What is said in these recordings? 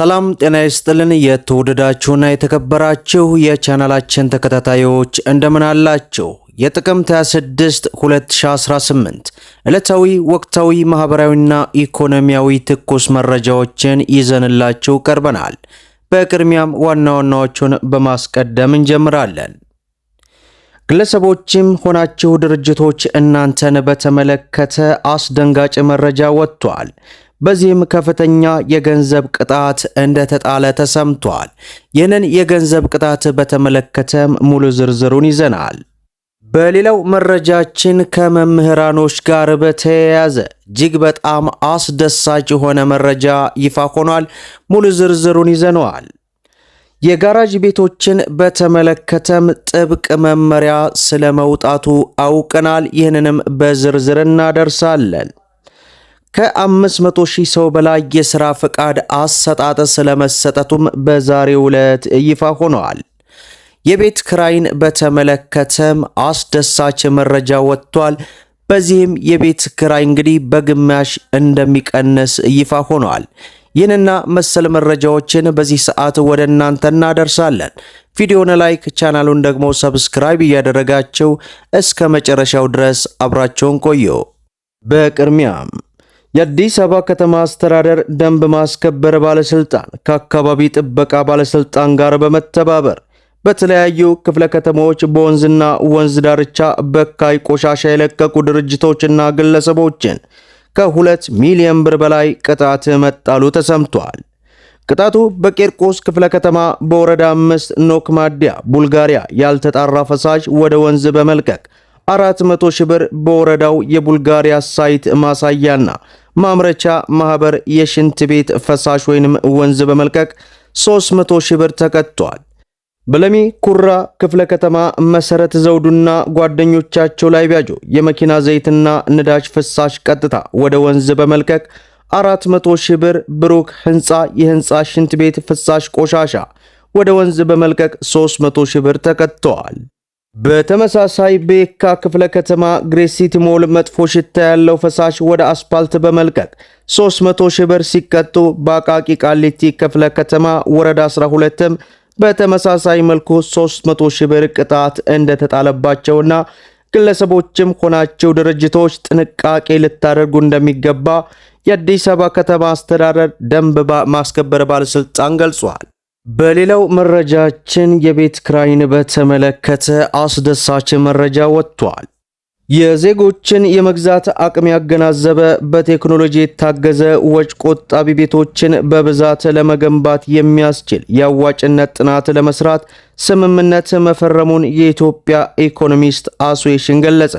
ሰላም ጤና ይስጥልን። የተወደዳችሁና የተከበራችሁ የቻናላችን ተከታታዮች እንደምን አላችሁ? የጥቅምት 26 2018 ዕለታዊ ወቅታዊ ማኅበራዊና ኢኮኖሚያዊ ትኩስ መረጃዎችን ይዘንላችሁ ቀርበናል። በቅድሚያም ዋና ዋናዎቹን በማስቀደም እንጀምራለን። ግለሰቦችም ሆናችሁ ድርጅቶች እናንተን በተመለከተ አስደንጋጭ መረጃ ወጥቷል። በዚህም ከፍተኛ የገንዘብ ቅጣት እንደተጣለ ተሰምቷል። ይህንን የገንዘብ ቅጣት በተመለከተም ሙሉ ዝርዝሩን ይዘናል። በሌላው መረጃችን ከመምህራኖች ጋር በተያያዘ እጅግ በጣም አስደሳች የሆነ መረጃ ይፋ ሆኗል። ሙሉ ዝርዝሩን ይዘነዋል። የጋራጅ ቤቶችን በተመለከተም ጥብቅ መመሪያ ስለመውጣቱ አውቀናል። ይህንንም በዝርዝር እናደርሳለን። ከ500 ሺህ ሰው በላይ የሥራ ፈቃድ አሰጣጠ ስለመሰጠቱም በዛሬው ዕለት ይፋ ሆነዋል። የቤት ክራይን በተመለከተም አስደሳች መረጃ ወጥቷል። በዚህም የቤት ክራይ እንግዲህ በግማሽ እንደሚቀንስ ይፋ ሆኗል። ይህንና መሰል መረጃዎችን በዚህ ሰዓት ወደ እናንተ እናደርሳለን። ቪዲዮን ላይክ፣ ቻናሉን ደግሞ ሰብስክራይብ እያደረጋችሁ እስከ መጨረሻው ድረስ አብራቸውን ቆዩ። በቅድሚያም የአዲስ አበባ ከተማ አስተዳደር ደንብ ማስከበር ባለስልጣን ከአካባቢ ጥበቃ ባለስልጣን ጋር በመተባበር በተለያዩ ክፍለ ከተሞች በወንዝና ወንዝ ዳርቻ በካይ ቆሻሻ የለቀቁ ድርጅቶችና ግለሰቦችን ከሁለት ሚሊዮን ብር በላይ ቅጣት መጣሉ ተሰምቷል። ቅጣቱ በቂርቆስ ክፍለ ከተማ በወረዳ አምስት ኖክ ማዲያ ቡልጋሪያ ያልተጣራ ፈሳሽ ወደ ወንዝ በመልቀቅ 400 ሺህ ብር በወረዳው የቡልጋሪያ ሳይት ማሳያና ማምረቻ ማህበር የሽንት ቤት ፈሳሽ ወይንም ወንዝ በመልቀቅ 300 ሺህ ብር ተቀጥቷል። በለሚ ኩራ ክፍለ ከተማ መሰረት ዘውዱና ጓደኞቻቸው ላይ ቢያጆ የመኪና ዘይትና ነዳጅ ፍሳሽ ቀጥታ ወደ ወንዝ በመልቀቅ 400 ሺህ ብር፣ ብሩክ ህንፃ የህንፃ ሽንት ቤት ፍሳሽ ቆሻሻ ወደ ወንዝ በመልቀቅ 300 ሺህ ብር ተቀጥተዋል። በተመሳሳይ በየካ ክፍለ ከተማ ግሬሲቲ ሞል መጥፎ ሽታ ያለው ፈሳሽ ወደ አስፓልት በመልቀቅ 300 ሺህ ብር ሲቀጡ፣ በአቃቂ ቃሊቲ ክፍለ ከተማ ወረዳ 12ም በተመሳሳይ መልኩ 300 ሺህ ብር ቅጣት እንደተጣለባቸውና ግለሰቦችም ሆናቸው ድርጅቶች ጥንቃቄ ልታደርጉ እንደሚገባ የአዲስ አበባ ከተማ አስተዳደር ደንብ ማስከበር ባለስልጣን ገልጿል። በሌላው መረጃችን የቤት ክራይን በተመለከተ አስደሳች መረጃ ወጥቷል። የዜጎችን የመግዛት አቅም ያገናዘበ በቴክኖሎጂ የታገዘ ወጭ ቆጣቢ ቤቶችን በብዛት ለመገንባት የሚያስችል የአዋጭነት ጥናት ለመስራት ስምምነት መፈረሙን የኢትዮጵያ ኢኮኖሚስት አሶሴሽን ገለጸ።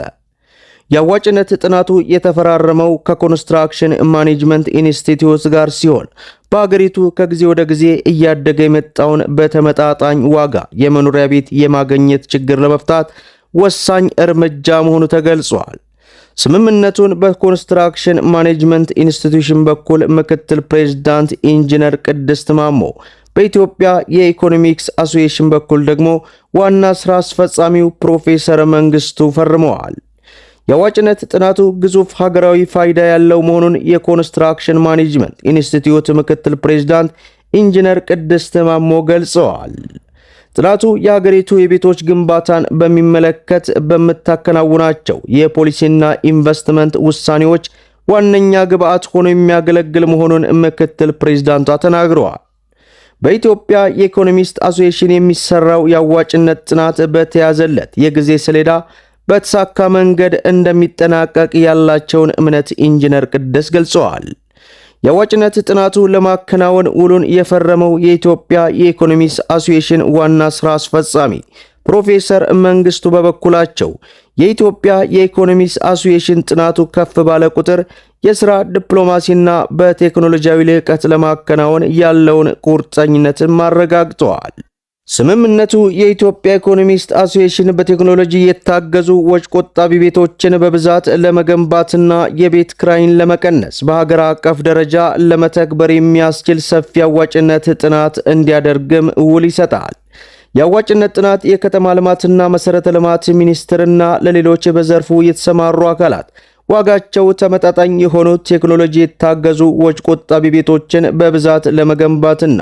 የአዋጭነት ጥናቱ የተፈራረመው ከኮንስትራክሽን ማኔጅመንት ኢንስቲትዩት ጋር ሲሆን በአገሪቱ ከጊዜ ወደ ጊዜ እያደገ የመጣውን በተመጣጣኝ ዋጋ የመኖሪያ ቤት የማግኘት ችግር ለመፍታት ወሳኝ እርምጃ መሆኑ ተገልጿል። ስምምነቱን በኮንስትራክሽን ማኔጅመንት ኢንስቲትዩሽን በኩል ምክትል ፕሬዝዳንት ኢንጂነር ቅድስት ማሞ በኢትዮጵያ የኢኮኖሚክስ አሶሲሽን በኩል ደግሞ ዋና ስራ አስፈጻሚው ፕሮፌሰር መንግስቱ ፈርመዋል። የአዋጭነት ጥናቱ ግዙፍ ሀገራዊ ፋይዳ ያለው መሆኑን የኮንስትራክሽን ማኔጅመንት ኢንስቲትዩት ምክትል ፕሬዚዳንት ኢንጂነር ቅድስት ማሞ ገልጸዋል። ጥናቱ የሀገሪቱ የቤቶች ግንባታን በሚመለከት በምታከናውናቸው የፖሊሲና ኢንቨስትመንት ውሳኔዎች ዋነኛ ግብዓት ሆኖ የሚያገለግል መሆኑን ምክትል ፕሬዚዳንቷ ተናግረዋል። በኢትዮጵያ የኢኮኖሚስት አሶሲሽን የሚሰራው የአዋጭነት ጥናት በተያዘለት የጊዜ ሰሌዳ በተሳካ መንገድ እንደሚጠናቀቅ ያላቸውን እምነት ኢንጂነር ቅደስ ገልጸዋል። የአዋጭነት ጥናቱ ለማከናወን ውሉን የፈረመው የኢትዮጵያ የኢኮኖሚስ አሶሲዬሽን ዋና ሥራ አስፈጻሚ ፕሮፌሰር መንግስቱ በበኩላቸው የኢትዮጵያ የኢኮኖሚስ አሶሲዬሽን ጥናቱ ከፍ ባለ ቁጥር የሥራ ዲፕሎማሲና በቴክኖሎጂያዊ ልዕቀት ለማከናወን ያለውን ቁርጠኝነትን ማረጋግጠዋል። ስምምነቱ የኢትዮጵያ ኢኮኖሚስት አሶሲሽን በቴክኖሎጂ የታገዙ ወጭ ቆጣቢ ቤቶችን በብዛት ለመገንባትና የቤት ክራይን ለመቀነስ በሀገር አቀፍ ደረጃ ለመተግበር የሚያስችል ሰፊ አዋጭነት ጥናት እንዲያደርግም ውል ይሰጣል። የአዋጭነት ጥናት የከተማ ልማትና መሠረተ ልማት ሚኒስትርና ለሌሎች በዘርፉ የተሰማሩ አካላት ዋጋቸው ተመጣጣኝ የሆኑ ቴክኖሎጂ የታገዙ ወጭ ቆጣቢ ቤቶችን በብዛት ለመገንባትና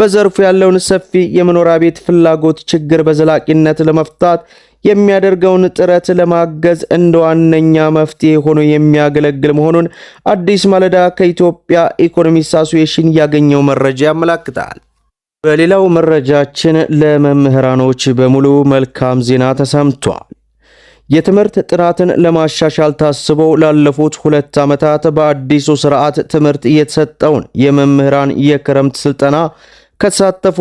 በዘርፉ ያለውን ሰፊ የመኖሪያ ቤት ፍላጎት ችግር በዘላቂነት ለመፍታት የሚያደርገውን ጥረት ለማገዝ እንደ ዋነኛ መፍትሄ ሆኖ የሚያገለግል መሆኑን አዲስ ማለዳ ከኢትዮጵያ ኢኮኖሚስት አሶሲዬሽን ያገኘው መረጃ ያመላክታል። በሌላው መረጃችን ለመምህራኖች በሙሉ መልካም ዜና ተሰምቷል። የትምህርት ጥራትን ለማሻሻል ታስቦ ላለፉት ሁለት ዓመታት በአዲሱ ስርዓት ትምህርት የተሰጠውን የመምህራን የክረምት ስልጠና ከተሳተፉ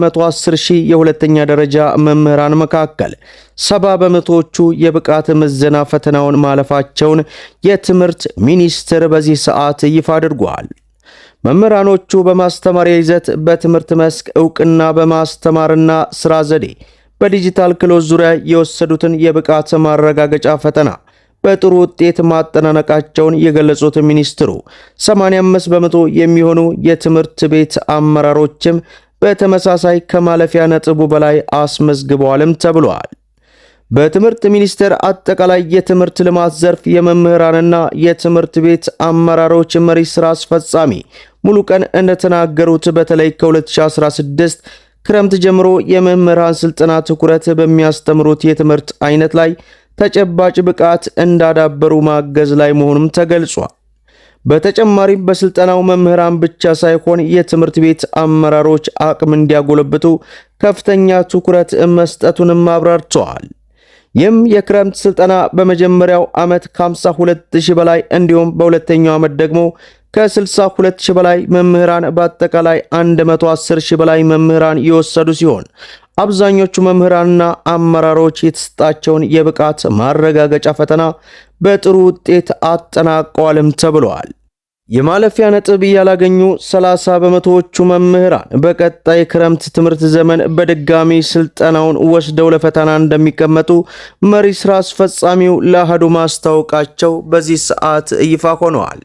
110 ሺህ የሁለተኛ ደረጃ መምህራን መካከል 70 በመቶዎቹ የብቃት ምዘና ፈተናውን ማለፋቸውን የትምህርት ሚኒስቴር በዚህ ሰዓት ይፋ አድርጓል። መምህራኖቹ በማስተማሪያ ይዘት፣ በትምህርት መስክ እውቅና፣ በማስተማርና ስራ ዘዴ በዲጂታል ክሎዝ ዙሪያ የወሰዱትን የብቃት ማረጋገጫ ፈተና በጥሩ ውጤት ማጠናነቃቸውን የገለጹት ሚኒስትሩ 85 በመቶ የሚሆኑ የትምህርት ቤት አመራሮችም በተመሳሳይ ከማለፊያ ነጥቡ በላይ አስመዝግበዋልም ተብሏል። በትምህርት ሚኒስቴር አጠቃላይ የትምህርት ልማት ዘርፍ የመምህራንና የትምህርት ቤት አመራሮች መሪ ስራ አስፈጻሚ ሙሉ ቀን እንደተናገሩት በተለይ ከ2016 ክረምት ጀምሮ የመምህራን ስልጠና ትኩረት በሚያስተምሩት የትምህርት አይነት ላይ ተጨባጭ ብቃት እንዳዳበሩ ማገዝ ላይ መሆኑም ተገልጿል። በተጨማሪም በስልጠናው መምህራን ብቻ ሳይሆን የትምህርት ቤት አመራሮች አቅም እንዲያጎለብቱ ከፍተኛ ትኩረት መስጠቱንም አብራርተዋል። ይህም የክረምት ስልጠና በመጀመሪያው ዓመት ከ52000 በላይ እንዲሁም በሁለተኛው ዓመት ደግሞ ከ62000 በላይ መምህራን በአጠቃላይ 110000 በላይ መምህራን የወሰዱ ሲሆን አብዛኞቹ መምህራንና አመራሮች የተሰጣቸውን የብቃት ማረጋገጫ ፈተና በጥሩ ውጤት አጠናቀዋልም ተብለዋል። የማለፊያ ነጥብ ያላገኙ 30 በመቶዎቹ መምህራን በቀጣይ ክረምት ትምህርት ዘመን በድጋሚ ስልጠናውን ወስደው ለፈተና እንደሚቀመጡ መሪ ስራ አስፈጻሚው ለአህዱ ማስታወቃቸው በዚህ ሰዓት ይፋ ሆነዋል።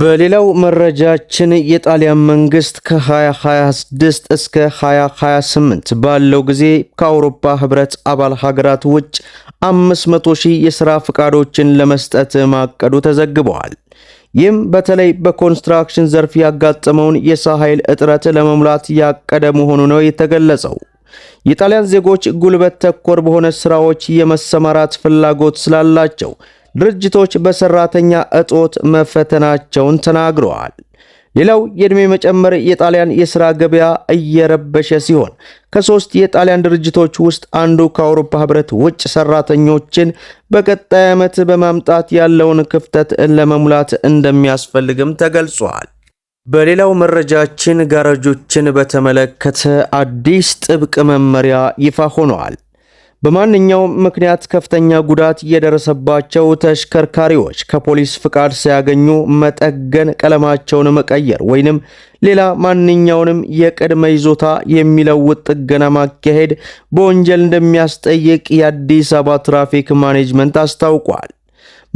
በሌላው መረጃችን የጣሊያን መንግስት ከ2026 እስከ 2028 ባለው ጊዜ ከአውሮፓ ህብረት አባል ሀገራት ውጭ 500 ሺህ የሥራ ፈቃዶችን ለመስጠት ማቀዱ ተዘግበዋል። ይህም በተለይ በኮንስትራክሽን ዘርፍ ያጋጠመውን የሰው ኃይል እጥረት ለመሙላት ያቀደ መሆኑ ነው የተገለጸው። የጣሊያን ዜጎች ጉልበት ተኮር በሆነ ስራዎች የመሰማራት ፍላጎት ስላላቸው ድርጅቶች በሰራተኛ እጦት መፈተናቸውን ተናግረዋል። ሌላው የዕድሜ መጨመር የጣሊያን የሥራ ገበያ እየረበሸ ሲሆን ከሦስት የጣሊያን ድርጅቶች ውስጥ አንዱ ከአውሮፓ ኅብረት ውጭ ሠራተኞችን በቀጣይ ዓመት በማምጣት ያለውን ክፍተት ለመሙላት እንደሚያስፈልግም ተገልጿል። በሌላው መረጃችን ጋረጆችን በተመለከተ አዲስ ጥብቅ መመሪያ ይፋ ሆነዋል። በማንኛውም ምክንያት ከፍተኛ ጉዳት የደረሰባቸው ተሽከርካሪዎች ከፖሊስ ፍቃድ ሳያገኙ መጠገን፣ ቀለማቸውን መቀየር ወይንም ሌላ ማንኛውንም የቅድመ ይዞታ የሚለውጥ ጥገና ማካሄድ በወንጀል እንደሚያስጠይቅ የአዲስ አበባ ትራፊክ ማኔጅመንት አስታውቋል።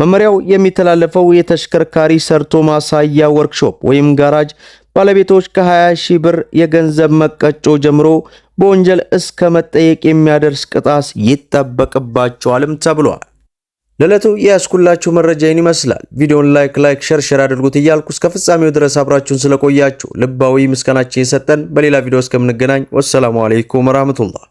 መመሪያው የሚተላለፈው የተሽከርካሪ ሰርቶ ማሳያ ወርክሾፕ ወይም ጋራጅ ባለቤቶች ከ20 ሺህ ብር የገንዘብ መቀጮ ጀምሮ በወንጀል እስከ መጠየቅ የሚያደርስ ቅጣት ይጠበቅባቸዋልም ተብሏል። ለዕለቱ የያዝኩላችሁ መረጃ ይህን ይመስላል። ቪዲዮውን ላይክ ላይክ ሸር ሸር አድርጉት እያልኩ እስከ ፍጻሜው ድረስ አብራችሁን ስለቆያችሁ ልባዊ ምስጋናችን የሰጠን። በሌላ ቪዲዮ እስከምንገናኝ ወሰላሙ አለይኩም ወራህመቱላህ